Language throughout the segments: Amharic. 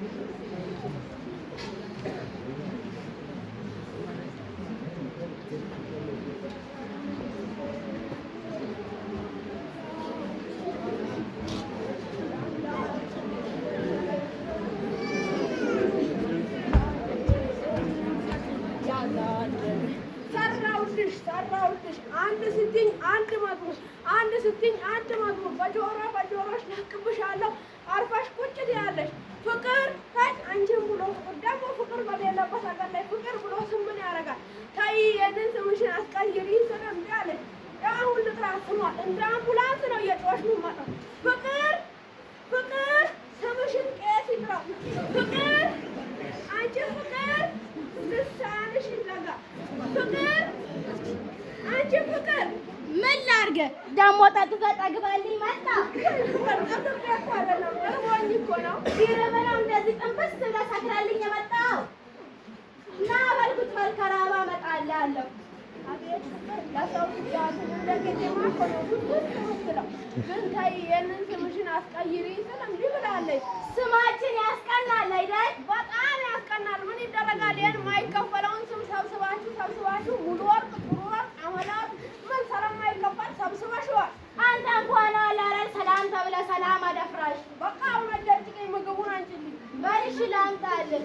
Thank you. አፍኗል። እንደ አምቡላንስ ነው እየጮሽ መጣሁ። ፍቅር ፍቅር ስምሽን ቄስ ይጥራው። ፍቅር አንቺ ፍቅር ልሳንሽ ይዘጋ። ፍቅር አንቺ ፍቅር ምን ላድርግ ደግሞ ጠግበህ ጠግበህልኝ መጣ ስማችን ያስቀናል አይደል? በጣም ያስቀናል። ምን ይደረጋል? ይሄን የማይከፈለውን ስም ሰብስባችሁ ሰብስባችሁ ሙሉ ወርቅ፣ ጥሩ ወርቅ፣ አመላ ምን ስለማይከፈል ሰብስበሽዋል። አንተ እንኳን አላረ ሰላም ተብለ ሰላም አደፍራሽ በቃ አሁን ምግቡን አንቺ በልሽ ላምጣልህ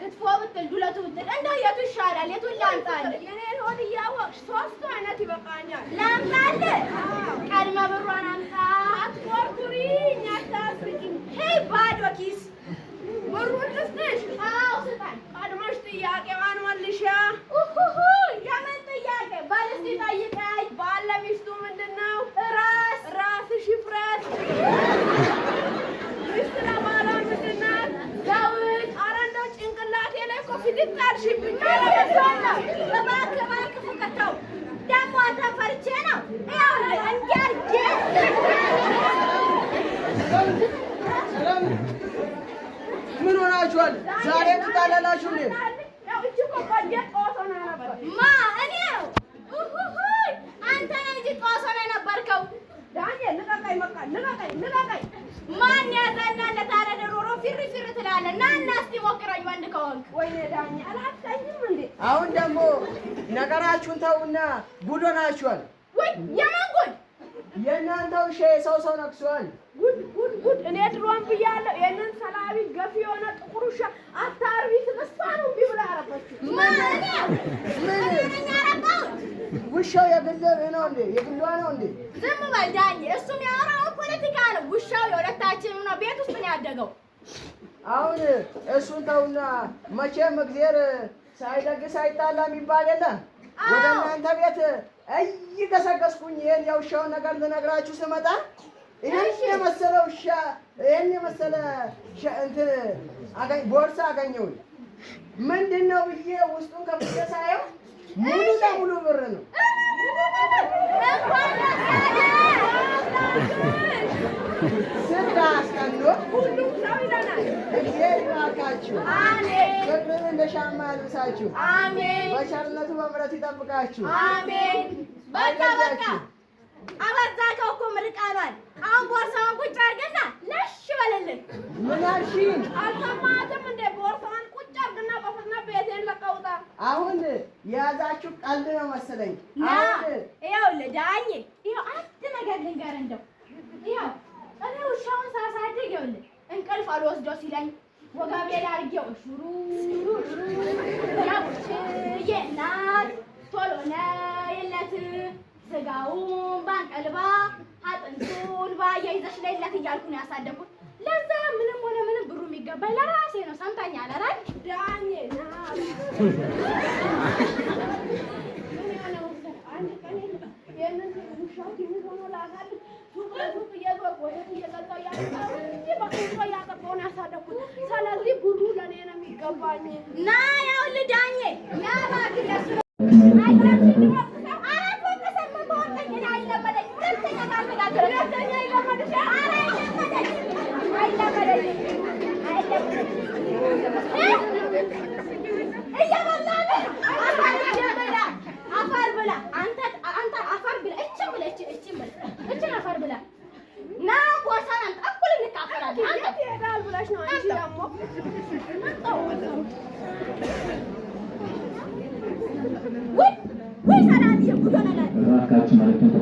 ክትፎ ብትል ዱለቱ ብትል እንደ የቱ ይሻላል? የቱን ላምጣልህ? የኔን ሆድ እያወቅሽ ሶስቱ አይነት ይበቃኛል። ላምጣልህ? ቀድመ ብሯን አምጣ። አትቆርቁሪኝ፣ አታስቂኝ። ሄይ ባዶ ኪስ ብሩን ልስጥሽ? አዎ ስጣኝ። ቀድመሽ ጥያቄዋን መልሻ። ሁሁ የምን ጥያቄ? ባል ጠይቀኝ። ባል ምንድን ነው? ራስ ራስሽ ይፍረስ አሁን ደግሞ ነገራችሁን ተውና ጉድ ሆናችኋል። የማን ጉድ? የእናንተው ሸ ሰው ሰው ነክሷል። ጉድ ጉድ ጉድ! እኔ ድሮም ብያለሁ ይህንን ሰላቢ ገፊ የሆነ ጥቁር ውሻ አታርቢ ትመስፋ ነው እምቢ ብላ ያረፈችው። ውሻው የግል ነው እንዴ? የግሏ ነው እንዴ? ዝም በል ዳኝ፣ እሱም ያወራው ፖለቲካ ነው። ውሻው የሁለታችንም ነው። ቤት ውስጥ ነው ያደገው። አሁን እሱን ተውና፣ መቼም እግዜር ሳይለግስ አይጣላ የሚባል የለ። ወደ እናንተ ቤት እየገሰገስኩኝ ይህን የውሻውን ነገር ልነግራችሁ ስመጣ ይህን የመሰለ ውሻ ይህን የመሰለ እንትን ቦርሳ አገኘሁኝ። ምንድን ነው ብዬ ውስጡን ከፍቼ ሳየው ሙሉ ለሙሉ ብር ነው። አስቀምጦ ሁሉም ሰው ይለናል። እግዚአብሔር ይባርካችሁ፣ ፍቅርን እንደ ሻማ ያልብሳችሁ፣ በቸርነቱ በምሕረቱ ይጠብቃችሁ። አሜን። በቃ በቃ አበዛከው እኮ ምርቃኗል። አሁን ቦርሳውን ቁጭ አድርግና ነሽ በልልን። ምን አልሽኝ? አልሰማትም እንደ ቦርሳውን ቁጭ አድርግና በፍጥነት ቤቴን ለቀውጣ። አሁን የያዛችሁ ቀልድ ነው መሰለኝ። አሁን ገብርኤል አድርጌው ሹሩ ሹሩ ያቡችዬ እናት ቶሎ ነይለት ስጋውን ባንቀልባ አጥንቱን ባያ ይዘሽ እያልኩ ነው ያሳደኩት። ለዛ ምንም ሆነ ምንም ብሩ የሚገባኝ ለራሴ ነው። ሰምተኛል አይደል ዳንኤል? ና ያው ልዳኝ ና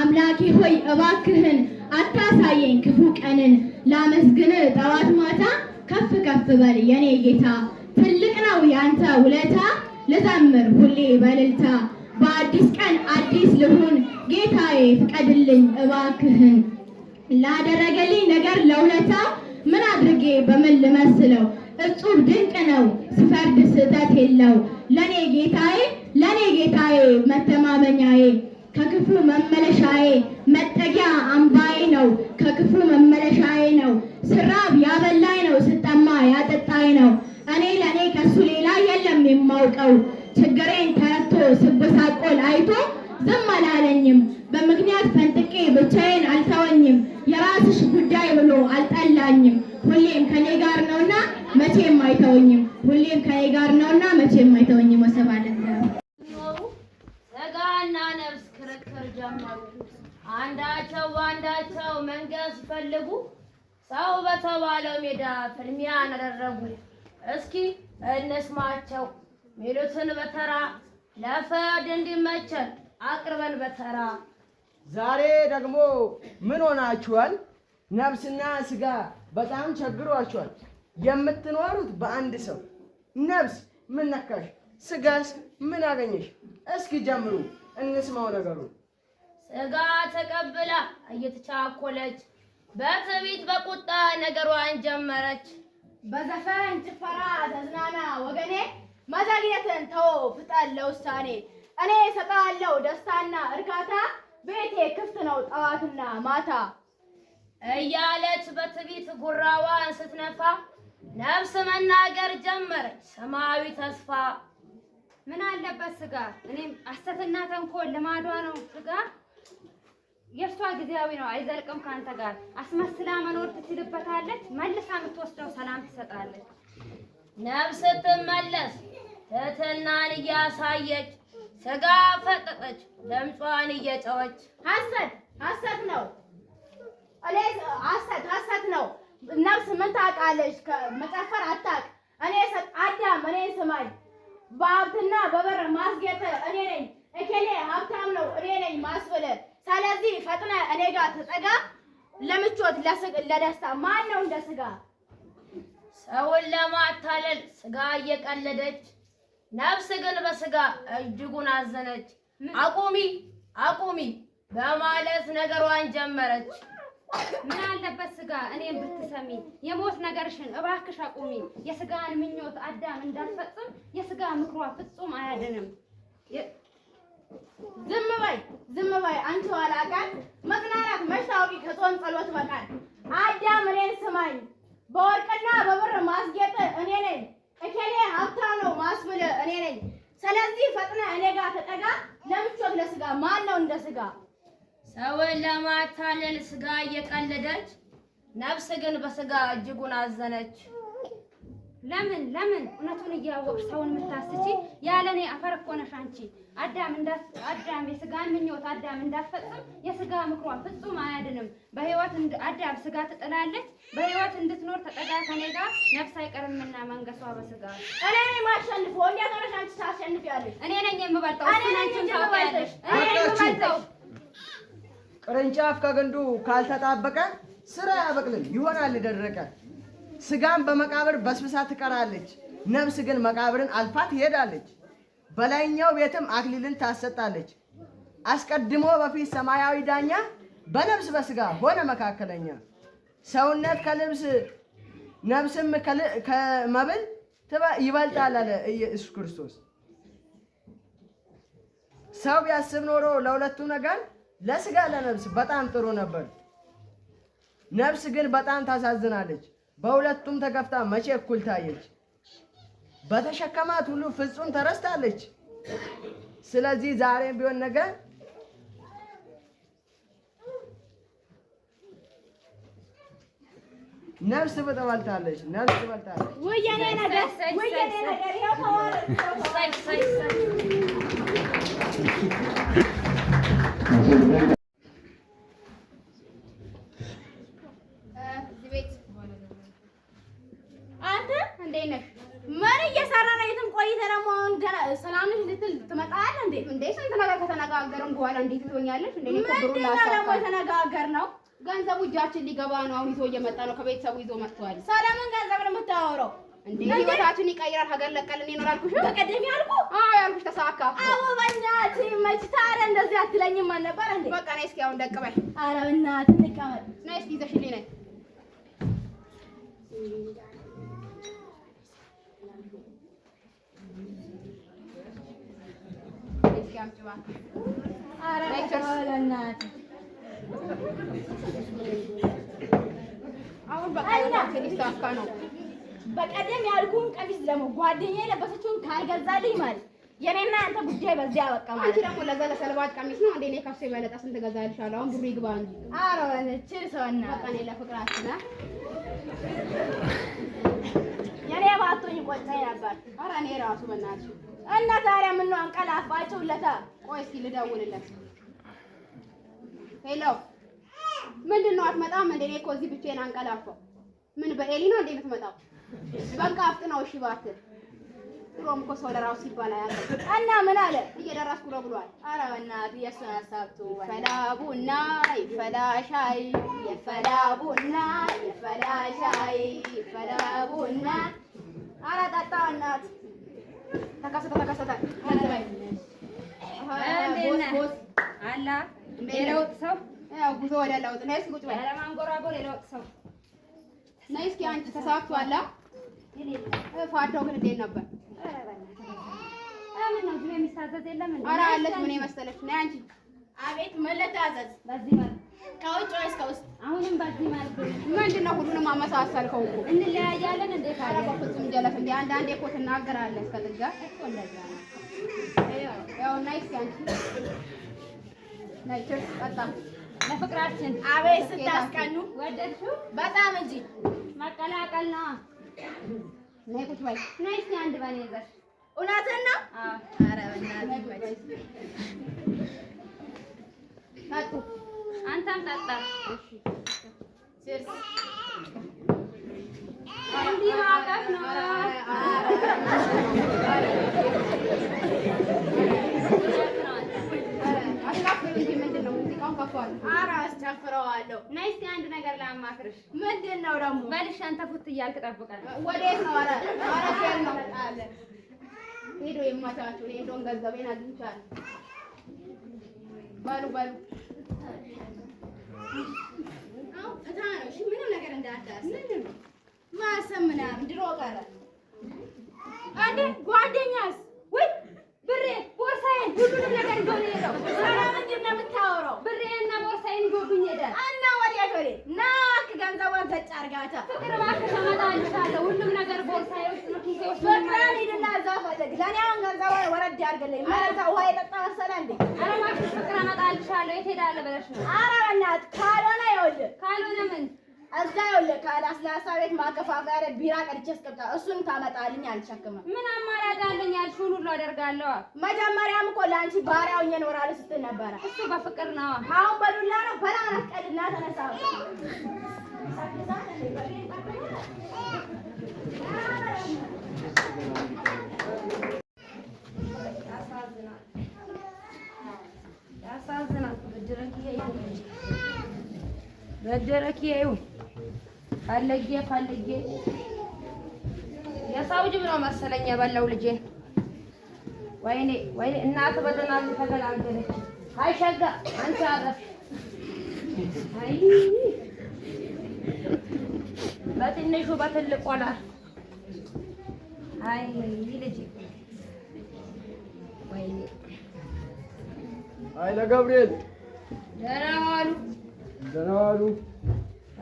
አምላኬ ሆይ እባክህን አታሳየኝ ክፉ ቀንን ላመስግን ጠዋት ማታ ከፍ ከፍ በል የኔ ጌታ ትልቅ ነው ያንተ ውለታ ልዘምር ሁሌ በልልታ በአዲስ ቀን አዲስ ልሁን ጌታዬ ፍቀድልኝ እባክህን ላደረገልኝ ነገር ለውለታ ምን አድርጌ በምን ልመስለው እጹብ ድንቅ ነው ሲፈርድ ስህተት የለው ለእኔ ጌታዬ ለእኔ ጌታዬ መተማመኛዬ ከክፉ መመለሻዬ መጠጊያ አምባዬ ነው። ከክፉ መመለሻዬ ነው። ስራብ ያበላኝ ነው። ስጠማ ያጠጣኝ ነው። እኔ ለእኔ ከሱ ሌላ የለም የማውቀው። ችግሬን ተረቶ ስጎሳቆል አይቶ ዝም አላለኝም። በምክንያት ፈንጥቄ ብቻዬን አልተወኝም። የራስሽ ጉዳይ ብሎ አልጠላኝም። ሁሌም ከኔ ጋር ነውና መቼም አይተወኝም። ሁሌም ከኔ ጋር ነውና መቼም አይተወኝም። ወሰባለን ስጋና ነፍስ ክርክር ጀመሩ። አንዳቸው አንዳቸው መንገድ ሲፈልጉ ሰው በተባለው ሜዳ ፍልሚያ አደረጉ። እስኪ እንስማቸው ሚሉትን በተራ ለፍርድ እንዲመቸን አቅርበን በተራ ዛሬ ደግሞ ምን ሆናችኋል? ነፍስና ስጋ በጣም ቸግሯችኋል። የምትኖሩት በአንድ ሰው ነፍስ ምን ነካሽ? ስጋስ ምን አገኘሽ? እስኪ ጀምሩ። እንስማው ነገሩ ስጋ ተቀብላ እየተቻኮለች በትዕቢት በቁጣ ነገሯን ጀመረች። በዘፈን ጭፈራ ተዝናና ወገኔ፣ መዘግየትን ተው ፍጠን ለውሳኔ። እኔ እሰጣለሁ ደስታና እርካታ፣ ቤቴ ክፍት ነው ጠዋትና ማታ እያለች በትዕቢት ጉራዋን ስትነፋ ነፍስ መናገር ጀመረች ሰማያዊ ተስፋ ምን አለበት ስጋ? እኔም ሐሰትና ተንኮል ልማዷ ነው። ስጋ የእርሷ ጊዜያዊ ነው፣ አይዘልቅም ከአንተ ጋር። አስመስላ መኖር ትችልበታለች። መልሳ የምትወስደው ሰላም ትሰጣለች። ነፍስ ትመለስ ትሕትናን እያሳየች ስጋ ፈጠጠች፣ ድምጿን እየጨወች ሐሰት ሐሰት ነው ሐሰት ሐሰት ነው። ነፍስ ምን ታውቃለች? መጨፈር አታውቅ። እኔ አዳም እኔ ስማኝ በሀብትና በበር ማስጌጥ እኔ ነኝ፣ እከሌ ሀብታም ነው እኔ ነኝ ማስብል። ስለዚህ ፈጥነ እኔ ጋር ተጠጋ። ለምቾት ለደስታ ማን ነው እንደ ስጋ? ሰውን ለማታለል ስጋ እየቀለደች ነፍስ ግን በስጋ እጅጉን አዘነች። አቁሚ አቁሚ በማለት ነገሯን ጀመረች። ምን አለበት ስጋ እኔም ብትሰሚ የሞት ነገርሽን እባክሽ አቁሚ። የስጋን ምኞት አዳም እንዳልፈጽም የስጋ ምክሯ ፍጹም አያድንም። ዝም በይ ዝም በይ አንቺ ዋላ ቃል መጽናናት መች ከጾም ጸሎት በቃል አዳም እኔን ስማኝ በወርቅና በብር ማስጌጥ እኔ ነኝ። እከሌ ሀብታም ነው ማስብል እኔ ነኝ። ስለዚህ ፈጥነ እኔ ጋር ተጠጋ። ለምቾት ለስጋ ማን ነው እንደ ስጋ ሰውን ለማታለል ስጋ እየቀለደች ነፍስ ግን በስጋ እጅጉን አዘነች። ለምን ለምን እውነቱን እያወቅሽ ሰውን የምታስቺ ያለኔ አፈር እኮ ነሽ አንቺ። አዳም አዳም የስጋን ምኞት አዳም እንዳትፈጽም የስጋ ምክሯን ፍጹም አያድንም። በህይወት አዳም ስጋ ትጥላለች። በህይወት እንድትኖር ተጠጋ ከኔ ጋር ነፍስ አይቀርምና መንገሷ በስጋ እኔ ነኝ የማሸንፈው። እንዲያ አንቺ ታሸንፊያለሽ። እኔ ነኝ የምበልጠው። እኔ ነኝ የምበልጠው። ቅርንጫፍ ከግንዱ ካልተጣበቀ ስራ ያበቅልም ይሆናል ደረቀ። ስጋም በመቃብር በስብሳ ትቀራለች፣ ነፍስ ግን መቃብርን አልፋ ትሄዳለች። በላይኛው ቤትም አክሊልን ታሰጣለች። አስቀድሞ በፊት ሰማያዊ ዳኛ በነፍስ በስጋ ሆነ መካከለኛ። ሰውነት ከልብስ ነፍስም ከመብል ይበልጣል አለ ኢየሱስ ክርስቶስ። ሰው ቢያስብ ኖሮ ለሁለቱ ነገር ለስጋ ለነፍስ በጣም ጥሩ ነበር። ነፍስ ግን በጣም ታሳዝናለች። በሁለቱም ተከፍታ መቼ እኩል ታየች? በተሸከማት ሁሉ ፍጹም ተረስታለች። ስለዚህ ዛሬም ቢሆን ነገር ነፍስ ትበልጣለች። ነፍስ ትበልጣለች። አንተ እንዴት ነሽ? ምን እየሰራ ነው? የትም ቆይተህ ደግሞ ሰላም ነሽ ልትል ትመጣለህ እንዴ? እንዴ ስንት ነገር ከተነጋገርን በኋላ እንዴት ትሆኛለሽ? ምንድን ነው ገንዘቡ እጃችን ሊገባ ነው። አሁን ይዞ እየመጣ ነው። ከቤተሰቡ ይዞ መጥቷል። ሰላምን ገንዘብ ነው የምታወራው እንዴ ህይወታችን ይቀይራል። ሀገር ለቀል እኔ ነው ያልኩሽ፣ በቀደም ያልኩህ። አዎ ያልኩሽ ተሳካ። አዎ በእናትህ መች ታዲያ እንደዚህ አትለኝም አልነበረ እንዴ? በቃ ነይ እስኪ አሁን ደቅ በይ። ኧረ በእናትህ እንቀመጥ። ነይ እስኪ ይዘሽልኝ ነይ። ኧረ በእናትህ አሁን በቃ ይስተካከል ነው በቀደም ያልኩን ቀሚስ ደግሞ ጓደኛ የለበሰችውን ካልገዛልኝ ማለት የኔና አንተ ጉዳይ በዚህ አበቃ ማለት ነው። ደግሞ ለዛ ለሰልባት ቀሚስ ነው እንዴ? እኔ ከሱ የበለጠ ስንት እገዛልሻለሁ? አሁን ብሩ ይግባ እንጂ። ኧረ እችል ሰውና በቃ እኔ ለፍቅራችን የኔ ባትሆኝ ቆጨኝ ነበር። ኧረ እኔ ራሱ በእናትሽ እና ታዲያ ምነው አንቀላፋችሁ ለታ? ቆይ እስኪ ልደውልለት። ሄሎ ምንድን ነው አትመጣም እንዴ? እኔ እኮ እዚህ ብቻዬን አንቀላፋው። ምን በኤሊ ነው እንዴ የምትመጣው? በቃ አፍጥነው። እሺ እባክህ ድሮም እኮ ሰው ለራሱ ሲባል አያውቅም። እና ምን አለ እየደረስኩ ነው ብሏል። ኧረ በእናትህ የእሱን ሀሳብ ቱ ፈላ ቡና ይፈላ ሻይ የፈላ ቡና ይፈላ ሻይ የፈላ ቡና። ኧረ ጠጣ በእናትህ ተከሰተ ተከሰተ አላ የለውጥ ሰው ጉዞ ወደ ለውጥ ነይ ቁጭ በይ። ኧረ የለውጥ ሰው ነይ እስኪ አንቺ ተሳብቷላ ፏቸው ግን እንዴት ነበር? ኧረ አለች። ምን የመሰለች ነይ አንቺ። አቤት መለታዘዝ ከውጭ ወይስ ከውስጥ? አሁንም በዚህ ማለት ምንድን ነው? ሁሉንም አመሳሰልከው እኮ እንለያያለን። እንዴት አለ በፍጹም ጀለፍ። እንደ አንዳንዴ እኮ ትናገራለህ እስከ ልጅ ጋር ያው ናይ እስኪ አንቺ ናይ ችርስ ጠጣ ለፍቅራችን። አቤት ስታስቀኑ ወደድሽው በጣም እንጂ መቀላቀል ነው ነይ ቁጭ በይ። ነይ እስኪ አንድ ባል ይዘሽ እውነትህን ነው። ኧረ በእናትህ ጠጡ። አንተም ጠጣ። እንዲህ ማቀፍ ነው። አስጨፍረዋለሁ። ነገር ላማክርሽ። ምንድን ነው ደግሞ? በልሽ አንተ ፉት እያልክ ጠብቀን ወዴት ነው? ነው ሄዶ እንደውም ገንዘቤን አግኝቻለሁ። በሉ በሉ ፈታ ነው። እሺ ምንም ነገር እንዳታስ ምንም ድሮ ቀረ። አንዴ ጓደኛስ ወይ ብሬ ቦርሳዬን ሁሉንም ነገር ሰራ ምንድን ነው የምታወራው ብሬ ሁሉም ነገር ወረድ አድርግልኝ። ውሃ የጠጣ መሰለህ እንደ ኧረ እባክሽ ፍቅር እመጣልሻለሁ። የት ሄዳለህ ብለሽ ነው? ኧረ በእናትህ ካልሆነ ይኸውልህ ካልሆነ ምን እዛ ያውልህ ከለስላሳ ቤት ማከፋፈያ አይደል ቢራ ቀድቼ አስቀምጣለሁ። እሱን ታመጣልኝ አልቸክምም። ምን አማራጭ አለኝ? ያልሽውን ሁሉ አደርጋለሁ። መጀመሪያም እኮ ለአንቺ ባሪያ ሆኜ እኖራለሁ ስትል ነበረ። እሱ በፍቅር ነው፣ አሁን በዱላ ነው። በላን አስቀድና ተነሳ በደረክ ይሁን ፈልጌ ፈልጌ የሰው ጅብ ነው መሰለኝ የበላው ልጄ። ወይኔ ወይኔ፣ እናት በደህና ተገላገለች። አይ ሸጋ አንቺ አረፍ። አይ በትንሹ በትልቁ ሆናል። አይ ልጄ ወይኔ። አይ ለገብርኤል ደህና ዋሉ፣ ደህና ዋሉ።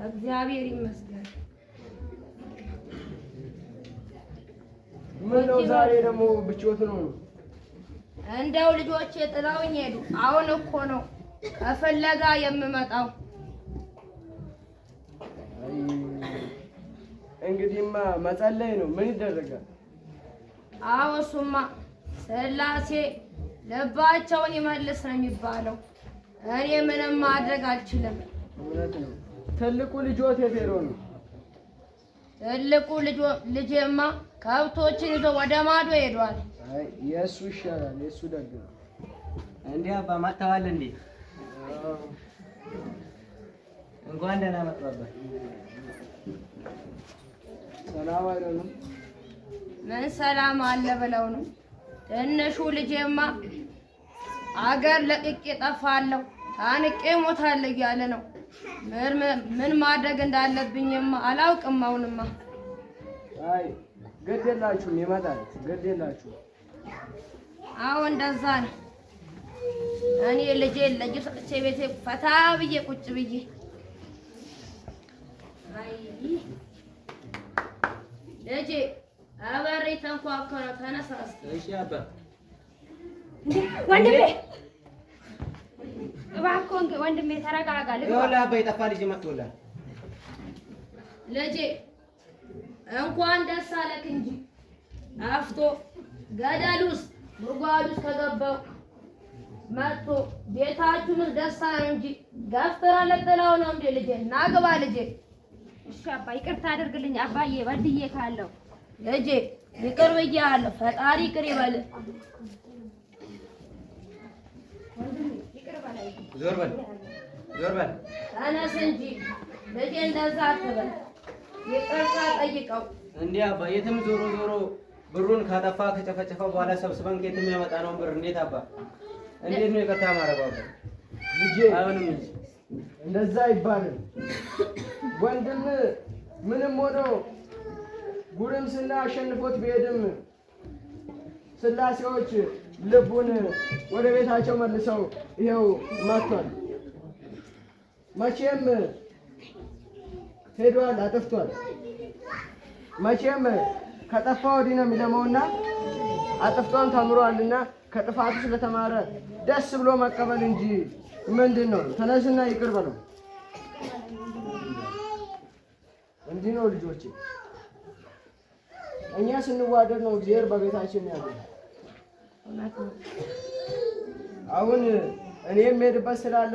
እግዚአብሔር ይመስገን። ምነው ዛሬ ደግሞ ብቾት ነው? እንደው ልጆች ጥለውኝ ሄዱ። አሁን እኮ ነው ከፍለጋ የምመጣው። እንግዲህማ መጸለይ ነው። ምን ይደረጋል? አዎ እሱማ ስላሴ ልባቸውን ይመልስ ነው የሚባለው። እኔ ምንም ማድረግ አልችልም። እውነት ነው። ትልቁ ልጆት የፌሮ ነው። ትልቁ ልጄማ ከብቶችን ይዞ ወደ ማዶ ሄዷል። የእሱ ይሻላል፣ የእሱ ደግ ነው። እንዲህ አባ መጥተዋል እንዴ? እንኳን ደህና መጡ ሰላም አይደሉም? ምን ሰላም አለ ብለው ነው። ትንሹ ልጄማ አገር ለቅቄ ጠፋለሁ ታንቄ ሞታለሁ እያለ ነው። ምን ማድረግ እንዳለብኝማ አላውቅም። አሁንማ አይ ግድ የላችሁም ይመጣል። ግድ የላችሁም። አዎ እንደዛ ነው። እኔ ልጄ ለጅ ሰጥቼ ቤቴ ፈታ ብዬ ቁጭ ብዬ ልጄ አበሬ ተንኳኳ ነው። ወንድሜ እባክህ ወንድሜ ተረጋጋ። ልጄ እንኳን ደስ አለክ እንጂ አፍቶ ገደል ውስጥ ጉድጓድ ውስጥ ከገባው መጥቶ ቤታችሁንስ ደስታ ነው እንጂ ገፍትራ ልጥለው ነው እንዴ? ልጄ ናግባ ልጄ። እሺ አባ ይቅርታ አድርግልኝ አባዬ፣ በድዬ ካለው ልጄ ይቅር ብያለሁ። ፈጣሪ ይቅር ይበል። ዞር በል ዞር በል ተነስ እንጂ ልጄ እንደዛ አትበል። ይቅርታ ጠይቀው። እንዲህ አባ የትም ዞሮ ዞሮ ብሩን ካጠፋ ከጨፈጨፈ በኋላ ሰብስበን ከየት የሚያመጣ ነው ብር? እንዴት አባ እንዴት ነው ይቅርታ ማረባው? ልጄ አይሆንም እንጂ እንደዛ አይባልም። ወንድም ምንም ሆኖ ጉርምስና አሸንፎት ቢሄድም ስላሴዎች ልቡን ወደ ቤታቸው መልሰው ይኸው ማቷል መቼም ሄዷል፣ አጠፍቷል። መቼም ከጠፋ ወዲህ ነው የሚለመውና አጠፍቷን ተምሯልና ከጥፋቱ ስለተማረ ደስ ብሎ መቀበል እንጂ ምንድን ነው ተነስና ይቅር በለው። እንዲህ ነው ልጆች እኛ ስንዋደድ ነው እግዚአብሔር በቤታችን ያለ። አሁን እኔ የምሄድበት ስላለ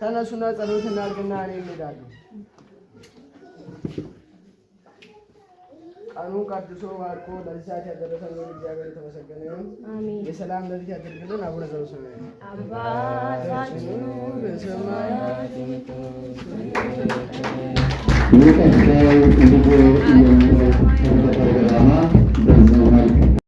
ተነሱና ጸሎት እናድርግና እኔ እሄዳለሁ። ቀኑን ቀድሶ ባርኮ ለዚህ ሰዓት ያደረሰን ነው። እግዚአብሔር የተመሰገነ ይሁን። የሰላም ለዚህ ያድርግልን። አቡነ ዘበሰማያት አባታችን በሰማያት ይቀጥል እንዲሁ የሚለው ተርገማ